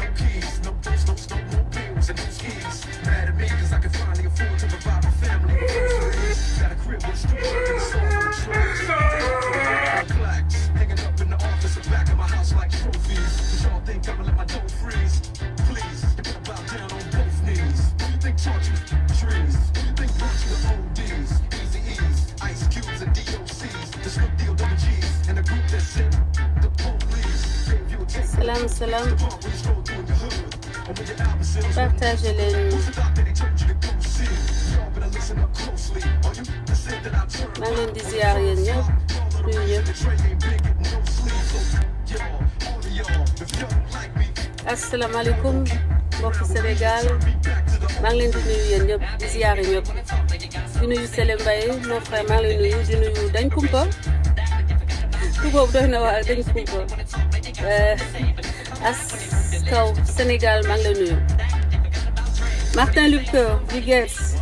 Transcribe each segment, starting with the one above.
no keys, no bitch, no smoke, no pills, and no skis. Mad at me, cause I can finally afford to provide my family with groceries. Got a crib with a studio and a soul control. Clacks, hanging up in the office and back of my house like trophies. Cause y'all think I'ma let my dough freeze? Please, you better bow down on both knees. Who you think taught you trees? Who you think brought you the ODs? Easy E's, Ice Cubes and DOCs. The Snoop D-O-double G's, and the group that sent the police. Salam, salam. partagez-les. maa ngi leen di ziar yéen ñëpp nuyu ñëpp. asalaamaaleykum mbokki Sénégal maa ngi leen di nuyu yéen ñëpp di ziar ñëpp di nuyu Sélé Mbaye mon frère maa ngi lay nuyu di nuyu dañ kumpa su boobu doy na waa dañ kumpa euh, as kaw Sénégal maa ngi lay nuyu. Martin Luther du Gers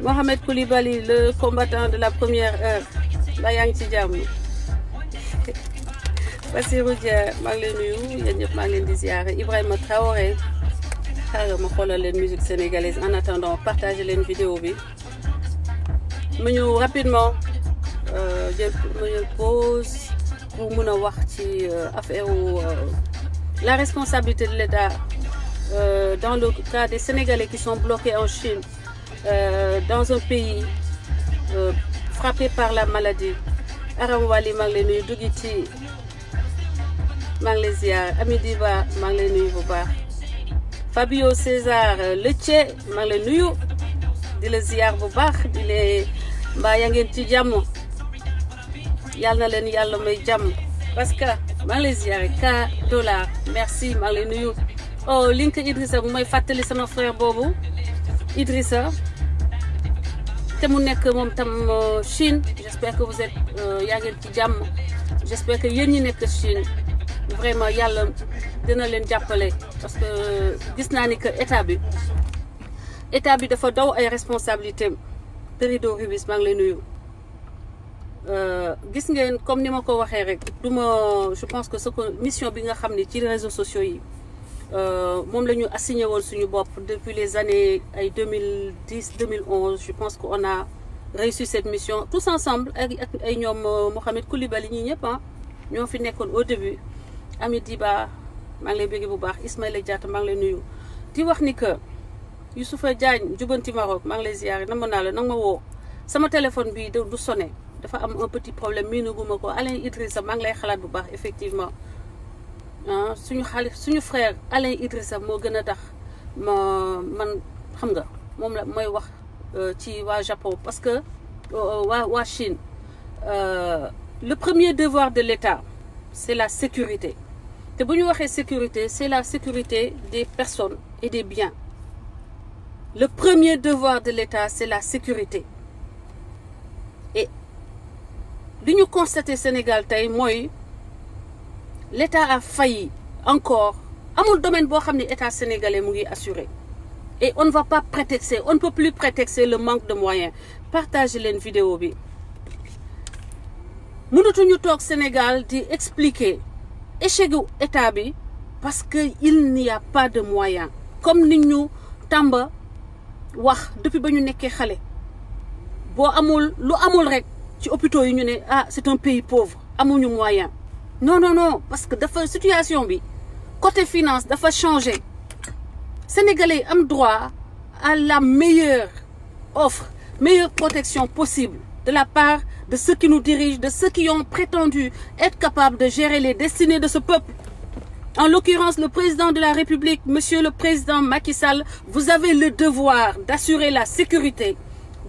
Mohamed Koulibaly le combattant de la première heure ba yaa ngi ci jàmm Bassirou Dia maa ngi leen nuyu ngi leen di ziare Ibrahima Traoré xaaral leen musique sénégalaise en attendant partagez leen vidéo bi mu ñëw rapidement euh, jël ma jël pour mun a wax ci euh, affaire euh, la responsabilité de l'État euh, dans le cas des Sénégalais qui sont bloqués en Chine, euh, dans un pays euh, frappé par la maladie. Aram Wali maa le lay nuyu dugg ci maa ngi lay ziar Ami Diba maa ngi nuyu bu baax Fabio César Lecce maa ngi le nuyu di la ziar bu baax di leen mbaa yaa ngeen ci jàmm yàlla na leen yàlla may jàmm parce que maa ngi lay ziar ka dollar merci maa ngi nuyu. oh li nga ko Idrissa bu may fàttali sama frère boobu Idrissa te mu nekk moom tam euh, Chine j'espère que vous êtes euh, yaa ngeen ci jàmm j'espère que yéen ñi nekk Chine vraiment yàlla dina leen jàppale parce que euh, gis naa ni que état bi état bi dafa daw ay responsabilité am Perido Rubis maa ngi lay nuyu gis ngeen comme ni ma ko waxee rek du ma je pense que ce ko mission bi nga xam ne ci réseau sociaux yi Euh, moom la ñu assigné woon suñu bopp depuis les années ay 2010 2011 je pense que on a réussi cette mission tous ensemble ak ak ay ñoom euh, Mohamed Koulibaly ñii ñëpp ah ñoo fi nekkoon au début Ami Diba maa ngi lay bëgg bu baax Ismaïla Diatta maa ngi lay nuyu di wax ni que Youssoufa Diagne jubanti Maroc maa ngi lay ziyaare na ma naa la nag ma woo sama téléphone bi du sonné dafa am un petit problème miinaguma ko Alain Idrissa sa ngi lay xalaat bu baax effectivement Ah, suñu xalif suñu frère Alain Idrissa moo gën a tax ma man xam nga moom la may wax euh, ci waa Japon parce que euh, waa waa Chine euh, le premier devoir de l'État c'est la sécurité te bu ñu waxee sécurité c'est la sécurité des personnes et des biens le premier devoir de l'État c'est la sécurité et li ñu constaté Sénégal tey mooy l'État a failli encore amul domaine boo xam ne état sénégalais mu ngi assuré et on ne va pas prétexter on ne plus prétexter le manque de moyens partage leen vidéo bi mënatuñu toog Sénégal di expliquer échec u état bi parce que il n'y a pas de moyens comme ni ñu tàmba wax depuis ba ñu nekkee xale boo amul lu amul rek ci hôpitaux yi ñu ne ah c'est un pays pauvre amuñu moyen non non non parce que dafa situation bi côté finance dafa changé sénégalais am droit à la meilleure offre meilleure protection possible de la part de ceux qui nous dirigent de ceux qui ont prétendu être capables de gérer les destinées de ce peuple en l'occurrence le président de la République monsieur le président Macky Sall vous avez le devoir d'assurer la sécurité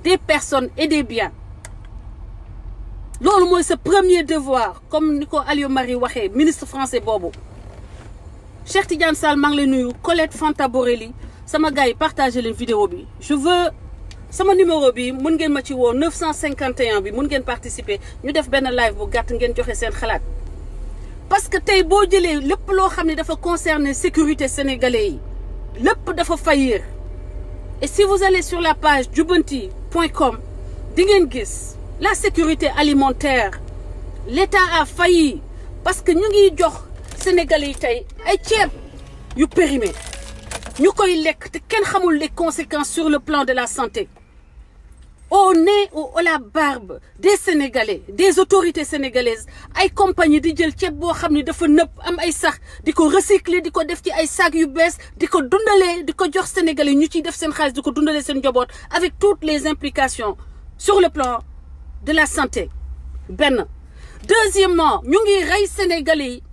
des personnes et des biens loolu mooy sa premier devoir comme ni ko Aliou Marie waxee ministre français boobu Cheikh Tidiane Sall maa ngi lay nuyu Colette Fanta Borelli sama gars yi partagé leen vidéo bi je veux sama numéro bi mun ngeen ma ci woo 951 bi mun ngeen participer ñu def benn live bu gàtt ngeen joxe seen xalaat parce que tey boo jëlee lépp loo xam ne dafa concerner sécurité sénégalais yi lépp dafa faillir et si vous allez sur la page jubanti point com di ngeen gis la sécurité alimentaire l'État a failli parce que ñu ngi jox Sénégalais yi ay ceeb yu périmé ñu koy lekk te kenn xamul les conséquences sur le plan de la santé au nez ou la barbe des Sénégalais des autorités sénégalaises ay compagnie di jël ceeb boo xam ne dafa nëpp am ay sax di ko recycler di ko def ci ay sac yu bees di ko dundalee di ko jox Sénégalais ñu ci def seen xaalis di ko dundalee seen njaboot avec toutes les implications sur le plan de la sante benn deuxièmement ñu ngi rey sénégalais yi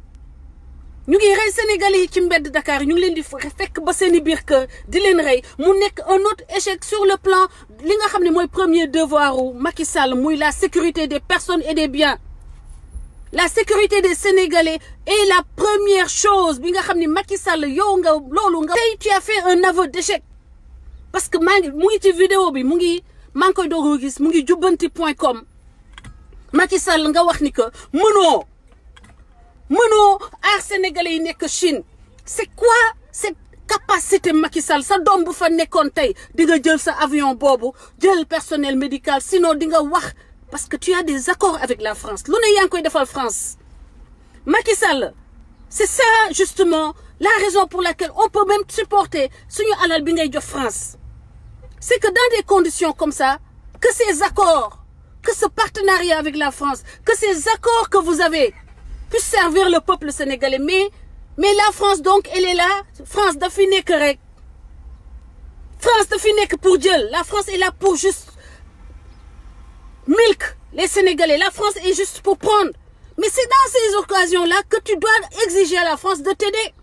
ñu ngi rey sénégalais yi ci mbedd Dakar ñu ngi leen di fekk ba seen i biir kër di leen rey mu nekk un autre échec sur le plan li nga xam ne mooy premier devoir u Macky Sall muy la sécurité de personnes et des biens la sécurité des sénégalais est la première chose bi nga xam ni Macky Sall yow nga loolu nga tey tu as fait un aveu d'échec parce que maa ngi ci vidéo bi mu ngi maa ngi koy doog gis mu ngi jubbanti point com nga wax ni que mënoo mënoo aar sénégalais yi nekk Chine c'est quoi cette capacité Macky Sall sa doom bu fa nekkoon tey di nga jël sa avion boobu jël personnel médical sinon di nga wax parce que tu as des accords avec la France lu ya yaa ngi koy defal France Macky Sall c'est ça justement la raison pour laquelle on peut même supporter suñu alal bi ngay jox France c'est que dans des conditions comme ça, que ces accords, que ce partenariat avec la France, que ces accords que vous avez puissent servir le peuple sénégalais. Mais, mais la France, donc, elle est là. France, dafi nekk rek. France, dafi nekk pour jël. La France est là pour juste milk les Sénégalais. La France est juste pour prendre. Mais c'est dans ces occasions-là que tu dois exiger à la France de t'aider.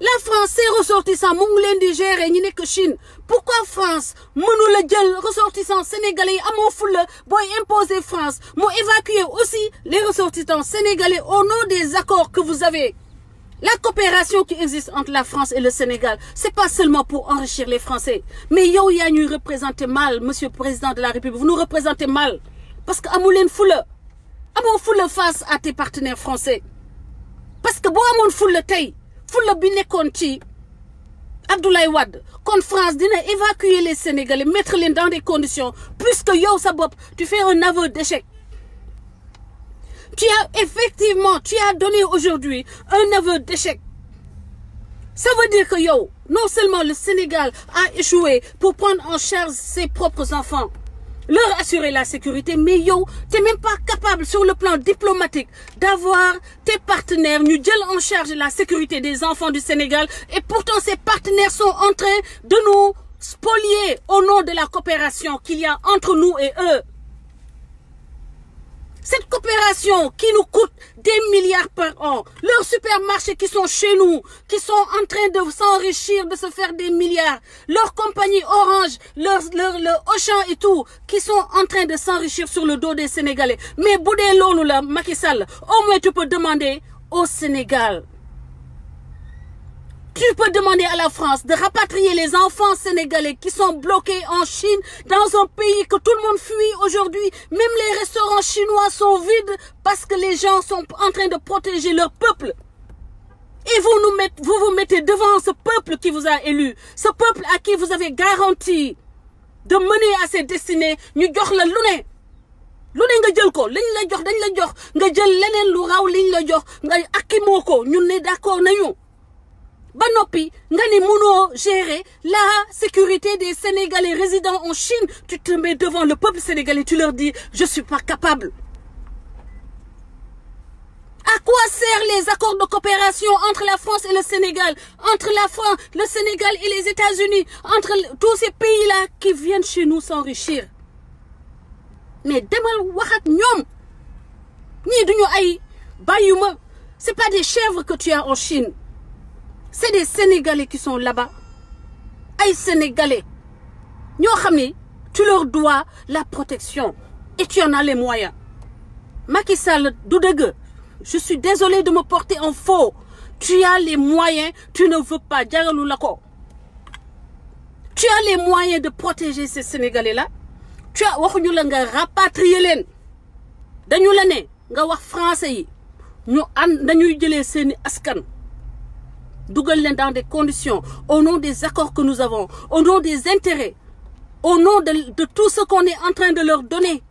la France ses ressortissants mu ngi leen di gérer ñi nekk Chine pourquoi France mënu la jël ressortissants sénégalais yi amoo fulla booy imposer France mu évacuer aussi les ressortissants sénégalais au nom des accords que vous avez la coopération qui existe entre la France et le Sénégal c'est pas seulement pour enrichir les Français mais yow yaa ñuy représenter mal monsieur le président de la République vous nous représentez mal parce que amu leen fulla amoo fulla face à tes partenaires parce que boo amoon fulla tey fulla bi nekkoon ci Abdoulaye Wade kon France dina évacuer les Sénégalais mettre leen dans des conditions puisque yow sa bopp tu fais un aveu d'échec tu as effectivement tu as donné aujourd'hui un aveu d'échec ça veut dire que yow non seulement le Sénégal a échoué pour prendre en charge ses propres enfants leur assurer la sécurité mais yow t'es même pas capable sur le plan diplomatique d'avoir tes partenaires ñu jël en charge la sécurité des enfants du Sénégal et pourtant ces partenaires sont en train de nous spolier au nom de la coopération qu'il y a entre nous et eux Cette coopération qui nous coûte des milliards par an, leurs supermarchés qui sont chez nous, qui sont en train de s'enrichir, de se faire des milliards, leurs compagnies Orange, le leur, leur Auchan et tout, qui sont en train de s'enrichir sur le dos des Sénégalais. Mais Boudé Lolo, la Sall, au moins tu peux demander au Sénégal Tu peux demander à la France de rapatrier les enfants sénégalais qui sont bloqués en Chine, dans un pays que tout le monde fuit aujourd'hui. Même les restaurants chinois sont vides parce que les gens sont en train de protéger leur peuple. Et vous nous mettez, vous, vous mettez devant ce peuple qui vous a élu, ce peuple à qui vous avez garanti de mener à ses destinées ñu jox la lu ne lu nga jël ko liñ la jox dañ la jox nga jël leneen lu raw liñ la jox nga akki moo ko ñun ne d'accord ba noppi nga ni la sécurité des Sénégalais résidant en Chine tu te mets devant le peuple sénégalais tu leur dis je suis pas capable à quoi servent les accords de coopération entre la France et le Sénégal entre la France le Sénégal et les États-Unis entre tous ces pays-là qui viennent chez nous s'enrichir mais demal wax ak ñoom ñii duñu ay bàyyuma c'est pas des chèvres que tu as en Chine c'est des Sénégalais qui sont là-bas ay Sénégalais ñoo xam ni tu leur dois la protection et tu en as les moyens Macky Sall du dëgg je suis désolée de me porter en faux tu as les moyens tu ne veux pas jaralu la ko tu as les moyens de protéger ces Sénégalais là tu as waxuñu la nga rapatrier leen dañu la ne nga wax français yi ñu ànd dañuy jëlee seeni askan dugal leen dans des conditions au nom des accords que nous avons au nom des intérêts au nom de de tout ce qu'on est en train de leur donner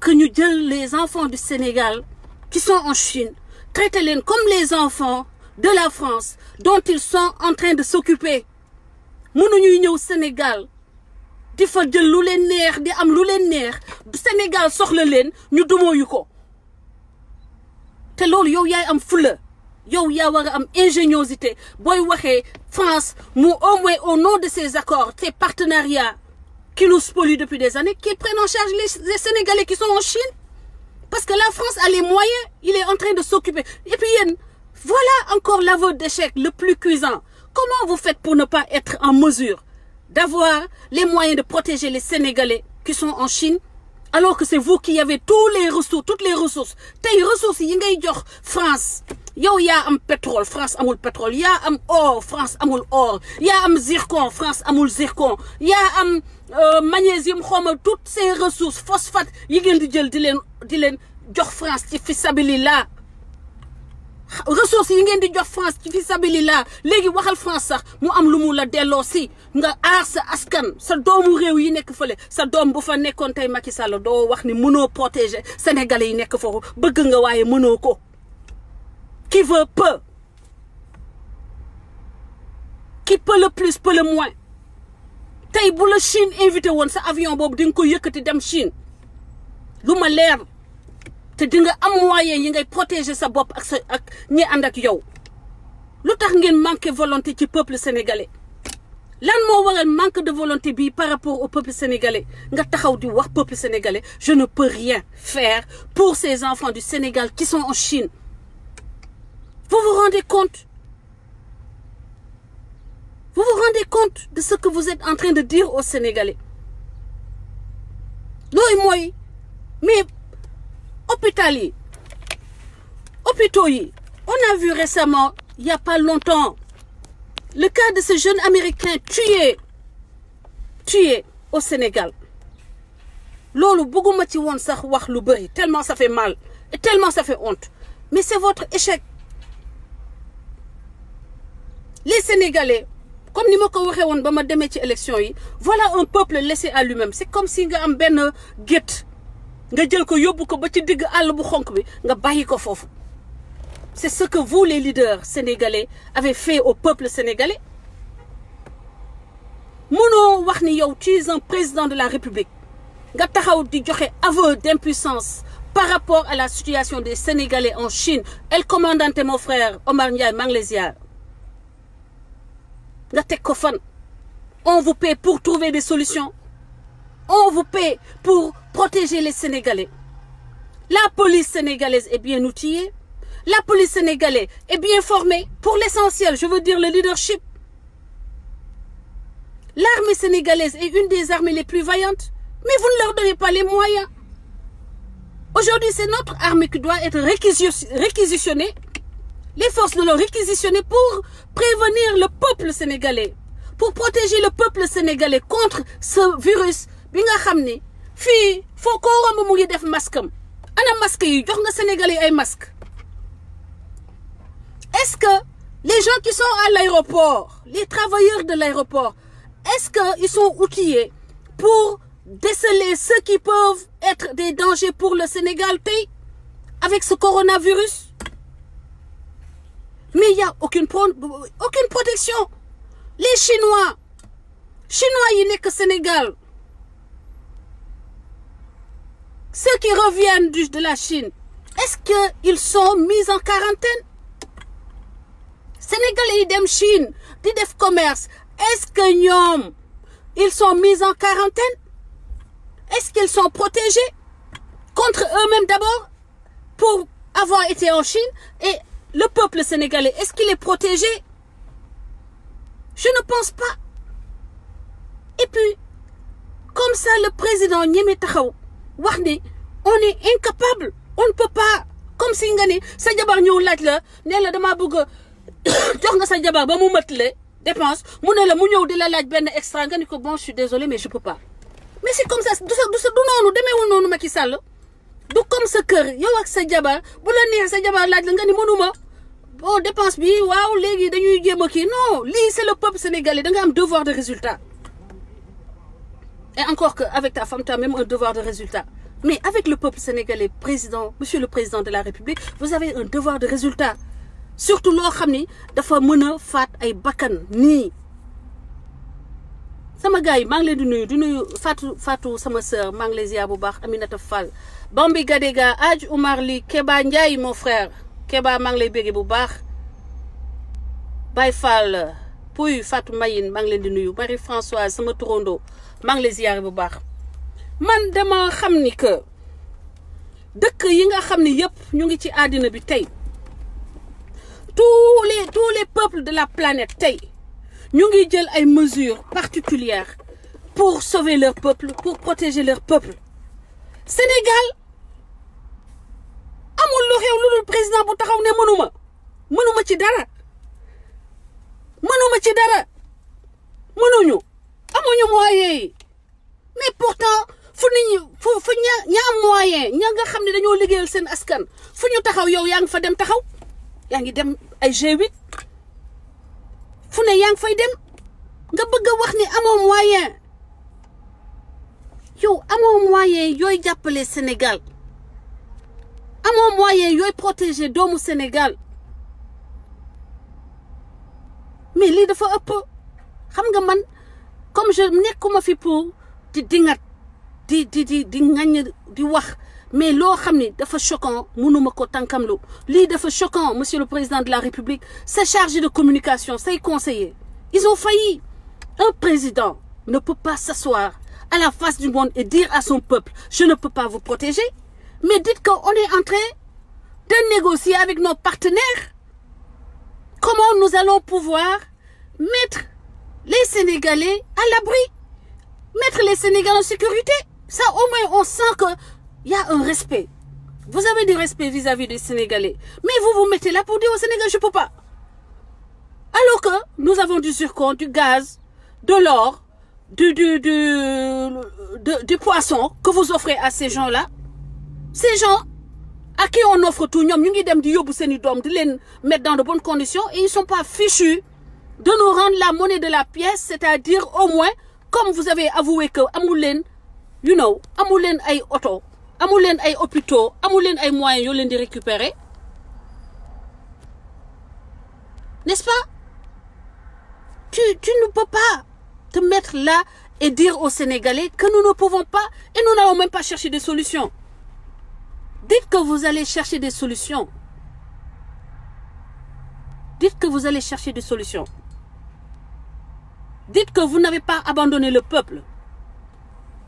que ñu jël les enfants du Sénégal qui sont en Chine traiter leen comme les enfants de la France dont ils sont en train de s'occuper mënuñuy ñëw Sénégal di fa jël lu leen neex di am lu leen neex Sénégal soxla leen ñu dumooyu ko te loolu yow yaay am fule yow yaa war a am ingéniosité booy waxee France mu au moins au nom de ces accords ces partenariats qui nous polluent depuis des années qu'ils prennent en charge les, les Sénégalais qui sont en Chine parce que la France a les moyens il est en train de s'occuper et puis yéen voilà encore l'aveu d'échec le plus cuisant comment vous faites pour ne pas être en mesure d'avoir les moyens de protéger les Sénégalais qui sont en Chine alors que c'est vous qui avez tous les ressources les ressources tey ressources yi ngay jox France yow yaa am pétrole France amul pétrole yaa am or France amul or yaa am zircon France amul zircon yaa am euh, magnésium xawma toutes ces ressources phosphate yi ngeen di jël di leen di leen jox France ci fi la ressources yi ngeen di jox France ci fisabilillah léegi waxal France sax mu am lu mu la delloo si nga aar sa askan sa doomu réew yi nekk fële sa doom bu fa nekkoon tey Macky Sall doo wax ni mënoo protéger sénégalais yi nekk foofu bëgg nga waaye mënoo ko qui veut peu. qui le plus peut le moins tey bu la Chine invité woon sa avion boobu dinga nga ko yëkkati dem Chine lu ma leer te di nga am moyen yi ngay protéger sa bopp ak sa ak ñi ànd ak yow lu tax ngeen manqué volonté ci peuple sénégalais lan moo waral manque de volonté bii par rapport au peuple sénégalais nga taxaw di wax peuple sénégalais je ne peux rien faire pour ces enfants du Sénégal qui sont en Chine Vous vous rendez compte Vous de ce que vous êtes en train de dire au Sénégalais looyu mooy mais hôpital yi hôpitaux yi on a vu récemment il y a pas longtemps le cas de ce jeune américain tué tué au Sénégal loolu bëgguma ci woon sax wax lu bëri tellement ça fait mal et tellement ça fait honte mais c'est votre les sénégalais comme ni ma ko waxee woon ba ma demee ci élection yi voilà un peuple laissé à lui-même c'est comme si nga am benn gétt nga jël ko yóbbu ko ba ci digg àll bu xonk bi nga bàyyi ko foofu c'est ce que vous les leaders sénégalais avez fait au peuple sénégalais mënoo wax ni yow tu un président de la république nga taxaw di joxe aveu d'impuissance par rapport à la situation des sénégalais en Chine el commandante mon frère Omar Ndiaye maa nga teg ko fan on vous paie pour trouver des solutions on vous paie pour protéger les Sénégalais la police sénégalaise est bien outillée la police sénégalaise est bien formée pour l'essentiel je veux dire le leadership l'armée sénégalaise est une des armées les plus vaillantes mais vous ne leur donnez pas les moyens aujourd'hui c'est notre armée qui doit être réquisitionnée les forces de l'ordre réquisitionnées pour prévenir le peuple sénégalais pour protéger le peuple sénégalais contre ce virus bi nga xam ni fii foo ko romb mu ngi def masque am ana masque yi jox nga sénégalais ay masque est-ce que les gens qui sont à l'aéroport les travailleurs de l'aéroport est-ce que ils sont outillés pour déceler ceux qui peuvent être des dangers pour le Sénégal tey avec ce coronavirus Mais il n'y a aucune, aucune protection. Les Chinois, Chinois, il n'est que Sénégal. Ceux qui reviennent de la Chine, est-ce qu'ils sont mis en quarantaine Sénégalais, idem Chine, d'IDEF Commerce, est-ce que ils sont mis en quarantaine Est-ce qu'ils sont protégés Contre eux-mêmes d'abord, pour avoir été en Chine et le peuple sénégalais, est-ce qu'il est protégé Je ne pense pas. Et puis, comme ça, le président Nyeme Tahaw, Wahne, on est incapable, on ne peut pas. Comme si Ngani, sa jabar ñew laaj la, né la dama bëgg jox nga sa jabar ba mu meut le dépense, mu né la mu ñew di la laaj ben extra nga ni ko bon, je suis désolé mais je peux pas. Mais c'est comme ça, du sa du sa du nonu démé wul Sall. du comme sa kër yow ak sa jabar bu la neex sa jabar laaj la nga ni mënuma boo dépense bi waaw léegi dañuy jéem a kii non lii c'est le peuple sénégalais da nga am devoir de résultat et encore que avec ta femme tu même un devoir de résultat mais avec le peuple sénégalais président monsieur le président de la république vous avez un devoir de résultat surtout loo xam ni dafa mën a faat ay bakkan nii sama gars yi maa ngi leen di nuyu di nuyu Fatou Fatou sama sœur maa ngi lay ziar bu baax Aminata Fall Bambi Gadega Hadj Oumar Ly Keba Ndiaye mon frère Keba maa ngi lay bégge bu baax Baye Fall Pouy Fatou Mayine maa ngi leen di nuyu Marie Françoise sama turando maa ngi lay bu baax man dama xam ni que dëkk yi nga xam ni yëpp ñu ngi ci àddina bi tey tous les tous les peuples de la planète tey ñu ngi jël ay mesures particulières pour sauver leur peuple pour protéger leur peuple Sénégal amul lu lu dul président bu taxaw ne mënuma mënuma ci dara mënuma ci dara mënuñu amuñu moyen yi mais pourtant fu nit ñi fu fu am moyen ña nga xam ne dañoo liggéeyal seen askan fu ñu taxaw yow yaa ngi fa dem taxaw yaa ngi dem ay G8 fu ne yaa ngi fay dem nga bëgg a wax ni amoo moyen yow amoo moyen yooy jàppale Sénégal amoo moyen yooyu protéger doomu Sénégal mais lii dafa ëpp xam nga man comme je nekkuma fi pour di dingat di di di di ngañ di wax mais loo xam ni dafa choquant mënuma ko tànkamlu lii dafa choquant monsieur le président de la république ses chargés de communication ses conseillers ils ont failli un président ne peut pas s'asseoir à la face du monde et dire à son peuple je ne peux pas vous protéger Mais dites qu'on est en train de négocier avec nos partenaires comment nous allons pouvoir mettre les Sénégalais à l'abri, mettre les Sénégalais en sécurité. Ça, au moins, on sent qu'il y a un respect. Vous avez du respect vis-à-vis des Sénégalais. Mais vous vous mettez là pour dire aux Sénégalais, je peux pas. Alors que nous avons du zircon, du gaz, de l'or, du, du, poisson que vous offrez à ces gens-là. ces gens à qui on offre tout ñoom ñu ngi dem di yóbbu seen i doom di leen mettre dans de bonnes conditions et ils sont pas fichus de nous rendre la monnaie de la pièce c'est-à-dire au moins comme vous avez avoué que amul leen you know amul leen ay oto amul leen ay hôpitaux amul leen ay moyens yoo leen di récupérer n'est-ce pas tu tu ne peux pas te mettre là et dire aux Sénégalais que nous ne pouvons pas et nous n'allons même pas chercher des solutions Dites que vous allez chercher des solutions. Dites que vous allez chercher des solutions. Dites que vous n'avez pas abandonné le peuple.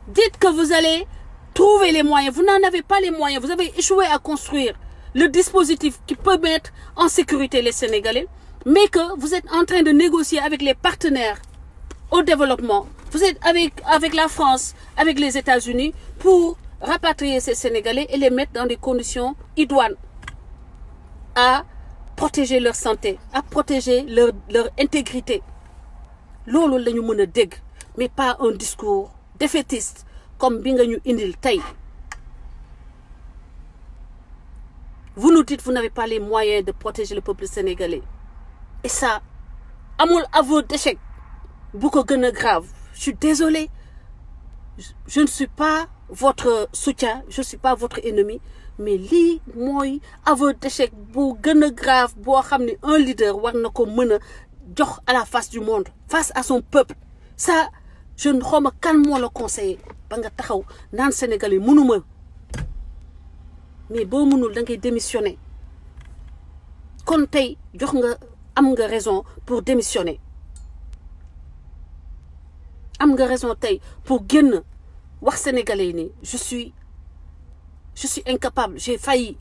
Dites que vous allez trouver les moyens. Vous n'en avez pas les moyens. Vous avez échoué à construire le dispositif qui peut mettre en sécurité les Sénégalais, mais que vous êtes en train de négocier avec les partenaires au développement. Vous êtes avec, avec la France, avec les États-Unis pour rapatrier ces Sénégalais et les mettre dans des conditions idoines à protéger leur santé, à protéger leur, leur intégrité. loolu la ñu mën a dégg mais pas un discours défaitiste comme bi nga ñu indil tey vous nous dites vous n'avez pas les moyens de protéger le peuple sénégalais et ça amul aveu d'échec bu ko gën a grave je suis désolée je ne suis pas votre soutien je suis pas votre ennemi mais lii mooy aveu d'échec bu gën a grave boo xam ne un leader war na ko mën a jox à la face du monde face à son peuple ça je ne xawma kan moo la conseiller ba nga taxaw naan sénégalais mënuma mais boo mënul da ngay démissionner kon tey jox nga am nga raison pour démissionner am nga raison tey pour génn wax sénégalais yi nii je suis je suis incapable j'ai failli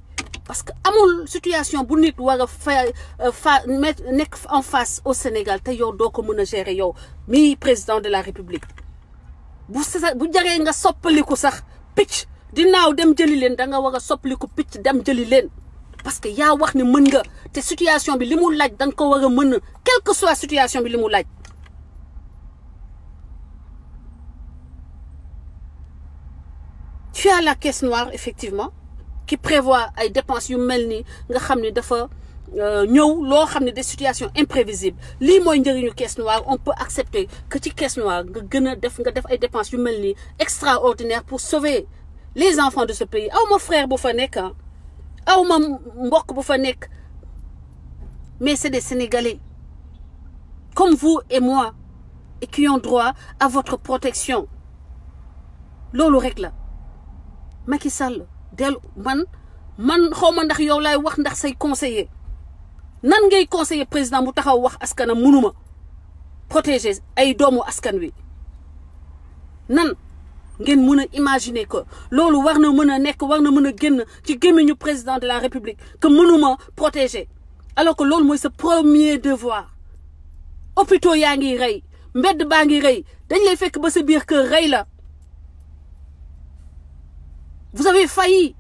parce que amul situation bu nit war a euh, fa met nekk en face au Sénégal te yow doo ko mën a gérer yow mi président de la République bu sa bu jagee nga soppaliku sax picc dinaaw dem jëli leen da nga war a soppaliku picc dem jëli leen parce que yaa wax ne mën nga te situation bi li mu laaj da nga ko war a mën quelle que soit situation bi li mu laaj tu as la caisse noire effectivement qui prévoit ay dépenses yu mel ni nga xam ni dafa euh, ñëw loo xam ne des situations imprévisibles lii mooy njëriñu caisse noire on peut accepter que ci caisse noire nga gën a def nga def ay dépenses yu mel ni extraordinaire pour sauver les enfants de ce pays aw ma frère bu fa nekk ah. aw ma mbokk bu fa nekk mais c'est des Sénégalais comme vous et moi et qui ont droit à votre protection loolu rek la Macky Sall dellu man man xaw ma ndax yow laay wax ndax say conseiller nan ngay conseiller président bu taxaw wax askanam mënuma protéger ay doomu askan wi nan ngeen mën a imaginer que loolu war na mën a nekk war na mën a génn ci gémmiñu président de la république que mënuma protéger alors que loolu mooy sa premier devoir opito yaa ngi rey mbedd baa ngi rey dañ lay fekk ba sa biir kër rey la Vous avez failli.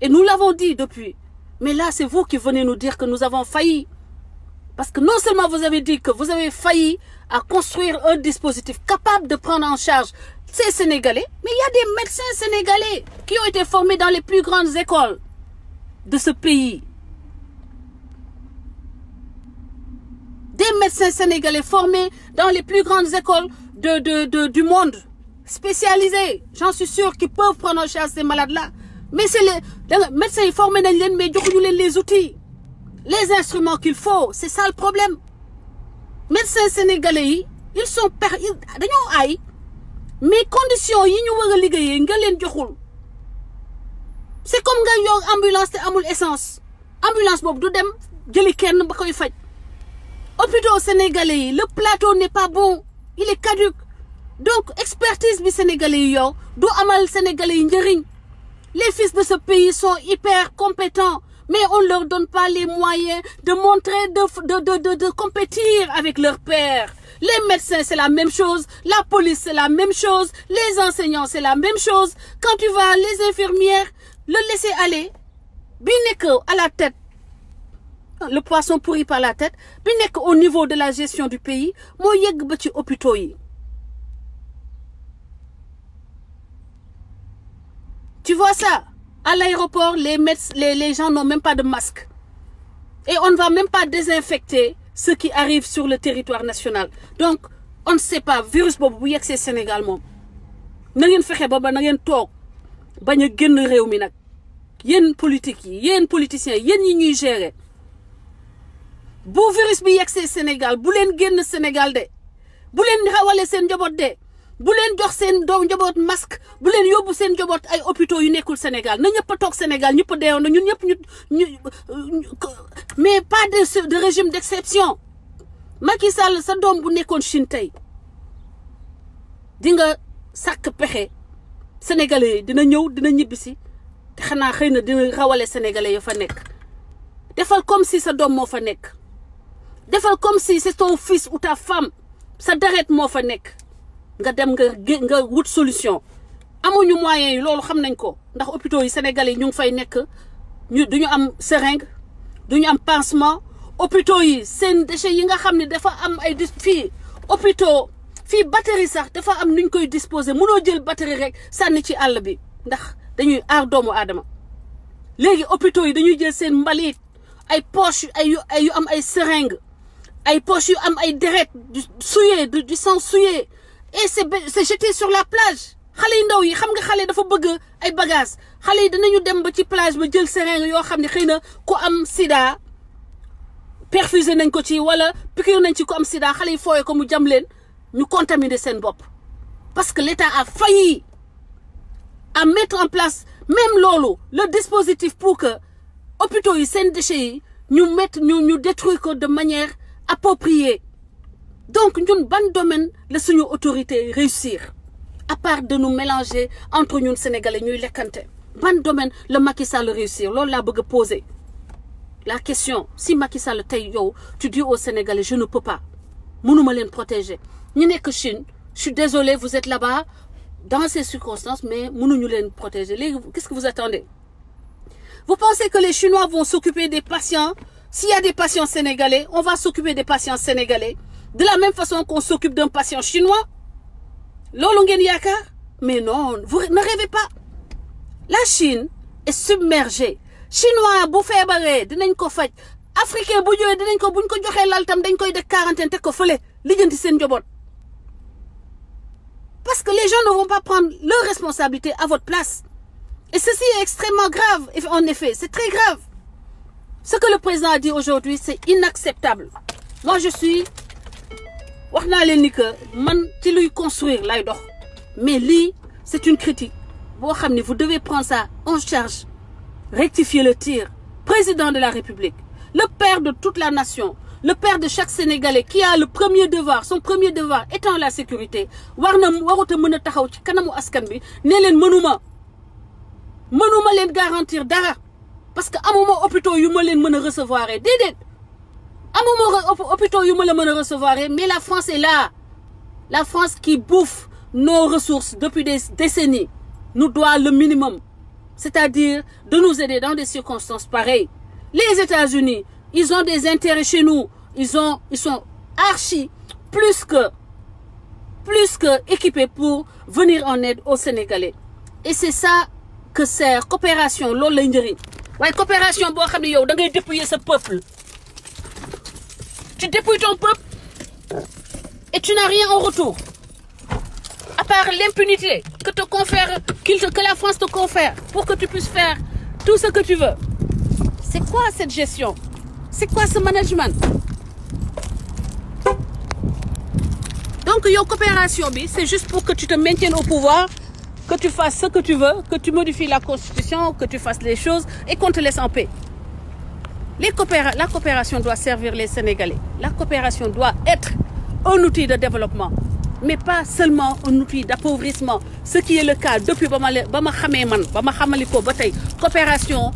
Et nous l'avons dit depuis. Mais là, c'est vous qui venez nous dire que nous avons failli. Parce que non seulement vous avez dit que vous avez failli construire un dispositif capable de prendre en charge ces Sénégalais, mais il y a des médecins sénégalais qui ont été formés dans les plus grandes écoles de ce pays. Des médecins sénégalais formés dans les plus grandes écoles de, de, de, du monde. spécialisés j'en suis sûr qui peuvent prendre en charge ces malades là mais c'est les danga médecins yi formé nañ leen mais joxuñu leen les outils les instruments qu'il faut c'est ça problème médecins sénégalais yi ils sont per dañoo aay mais conditions yi ñu war a liggéeyee nga leen joxul c'est comme nga yor ambulance te amul essence ambulance boobu du dem jëli kenn ba koy faj hôpitaux sénégalais yi le plateau n'est pas bon il est caduc donc expertise bi sénégalais yi yow du amal sénégalais yi njëriñ les fils de ce pays sont hyper compétents mais on ne leur donne pas les moyens de montrer de de de compétir avec leurs pairs les médecins c'est la même chose la police c'est la même chose les enseignants c'est la même chose quand tu vas les infirmières le laisser aller bi nekk à la tête le poisson pourri par la tête bi nekk au niveau de la gestion du pays moo yegg ba ci hôpitaux yi Tu vois ça À l'aéroport, les, les, les gens n'ont même pas de masque. Et on ne va même pas désinfecter ce qui arrive sur le territoire national. Donc, on ne sait pas, virus bobu bu yegsee Sénégal moom na ngeen fexe ba ba na ngeen toog bañ a génn réew mi nag yéen politique yi yéen politiciens yéen ñi ñuy gérer bu virus bi yegsee Sénégal bu leen génn Sénégal de bu leen xawale seen njaboot de bu leen jox seen doom njaboot masque bu leen yóbbu seen njaboot ay opito yu nekkul Sénégal na ñëpp a toog Sénégal ñëpp a deewoon ñun ñëpp ñu ñu mais pas de de régime d'exception Macky Sall sa doom bu nekkoon Chine tey di nga sàkk pexe sénégalais yi dina ñëw dina ñibbisi te xanaa xëy na dina rawale sénégalais yi fa nekk defal comme si sa doom moo fa nekk defal comme si c'est ton fils ou ta femme sa deret moo fa nekk. nga dem nga nga wut solution amuñu moyens yi loolu xam nañ ko ndax opito yi sénégal yi ñu ngi fay nekk ñu duñu am seringue duñu am pansement hôpitaux yi seen déchets yi nga xam ni dafa am ay dis fii hôpitaux fii batterie sax dafa am nuñ koy disposer mënoo jël batterie rek sànni ci àll bi ndax dañuy aar doomu aadama léegi hôpitaux yi dañuy jël seen mbalit ay poche ay yu ay am ay seringue ay poche yu am ay deret du souillé du sang souillé e c'est c'est sur la plage xale yu ndaw yi xam nga xale dafa bëgg ay bagages xale yi danañu dem ba ci plage ba jël seringue yoo xam ne xëy na ku am sida perfusé nañ ko ci wala piqûre nañ ci ku am sida xale yi fooyee ko mu jam leen ñu contaminer seen bopp parce que l'État a failli à mettre en place même loolu le dispositif pour que hôpitaux yi seen déchets yi ñu mettre ñu ñu détruire ko de manière appropriée donc ñun ban domaine la suñu autorité réussir à part de nous mélanger entre ñun sénégalais ñuy lekkante ban domaine le Macky Sall réussir loolu laa bëgg a la question si Macky Sall tey yow tu dis au sénégalais je ne peux pas mënuma leen protéger ñu nekk Chine je suis désolé vous êtes là-bas dans ces circonstances mais mënuñu leen protéger léegi qu'est-ce que vous attendez vous pensez que les Chinois vont s'occuper des patients s'il y a des patients sénégalais on va s'occuper des patients sénégalais de la même façon qu'on s'occupe d'un patient chinois loolu ngeen yaakaar mais non vous ne rêvez pas la Chine est submergée chinois bu feebaree dinañ ko faj africain bu ñëwee dinañ ko buñ ko joxee lal tam dañ koy def quarantaine teg ko fële lijjanti seen njaboot parce que les gens ne vont pas prendre leurs responsabilités à votre place et ceci est extrêmement grave en effet c'est très grave ce que le président a dit aujourd'hui c'est inacceptable wax naa leen ni que man ci luy construire lay dox mais lii c'est une critique boo xam ne vous devez prendre ça en charge rectifier le tir président de la République le père de toute la nation le père de chaque Sénégalais qui a le premier devoir son premier devoir étant la sécurité war na warut a mën a taxaw ci kanamu askan bi ne leen mënuma mënuma leen garantir dara parce que amuma opito yu ma leen mën a recevoir déedéet amuma hôpitaux yu ma la mën a recevoir eh, mais la France est là la France qui bouffe nos ressources depuis des décennies nous doit le minimum c'est-à-dire de nous aider dans des circonstances pareilles les États-Unis ils ont des intérêts chez nous ils ont ils sont archi plus que plus pour venir en aide aux Sénégalais et c'est ça que sert coopération loolu lay njëriñ waaye coopération boo xam ne yow da ngay dépouiller peuple Tu dépouilles ton peuple et tu n'as rien en retour. À part l'impunité que te confère, que la France te confère pour que tu puisses faire tout ce que tu veux. C'est quoi cette gestion C'est quoi ce management Donc, yo coopération, c'est juste pour que tu te maintiennes au pouvoir, que tu fasses ce que tu veux, que tu modifies la constitution, que tu fasses les choses et qu'on te laisse en paix. Les coopér la coopération doit servir les Sénégalais. La coopération doit être un outil de développement, mais pas seulement un outil d'appauvrissement. Ce qui est le cas depuis que je coopération,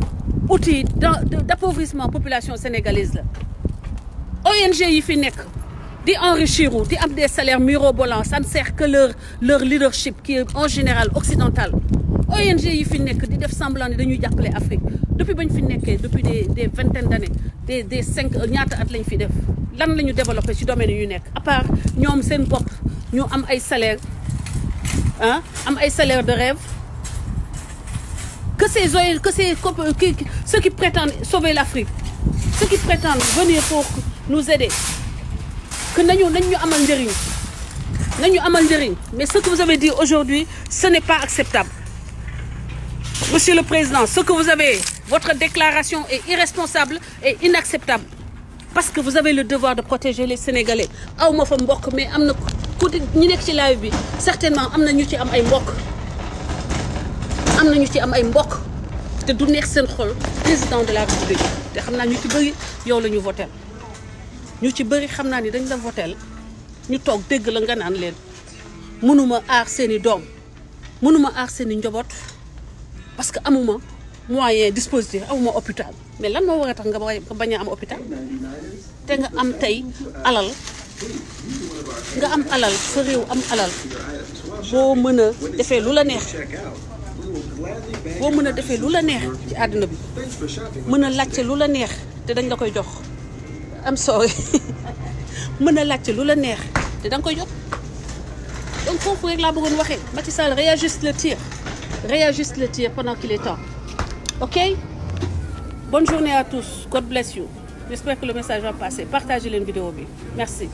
outil d'appauvrissement population sénégalaise. ONG yi fi nekk di enrichir ou di am des salaires mirobolants ça ne sert que leur leur leadership qui est en général occidental ONG yi fi nekk di def semblant ne dañuy jàppale Afrique depuis bañ fi nekkee depuis des des vingtaine d' années des des cinq euh, ñaata at lañu fi def lan la ñu développé ci domaine yu nekk à part ñoom seen bopp ñu am ay salaire ah am ay salaire de rêve que ces ONG que ces ceux qui prétendent sauver l'Afrique ceux qui prétendent venir pour nous aider que nañu nañ ñu amal njëriñ nañu amal njëriñ mais ce que vous avez dit aujourd'hui ce n'est pas acceptable Monsieur le Président, ce que vous avez, votre déclaration est irresponsable et inacceptable. Parce que vous avez le devoir de protéger les Sénégalais. mais am na nekk ci bi certainement, te du neex seen xol président de la république te xam naa ñu ci bëri yow la ñu votel ñu ci bëri xam naa ni dañ la votel ñu toog dégg la nga naan leen mënuma aar seeni doom mënuma aar seeni njaboot parce que amuma moyen dispositif amuma hôpital mais lan moo war a tax nga bañ a am hôpital te nga am tey alal nga am alal sa réew am alal boo mën a defee lu la neex mën a defee lu la neex ci àddina bi mën a laajte lu la neex te dañ la koy jox am sorry mën a laajte lu la neex te danga koy jox donc foofu rek laa bëggoon waxee Macky Sall réajuste le réajuste le tir pendant qu'il est temps. OK Bonne journée à tous. God bless you. J'espère que le message va passer. Partagez la vidéo. Merci.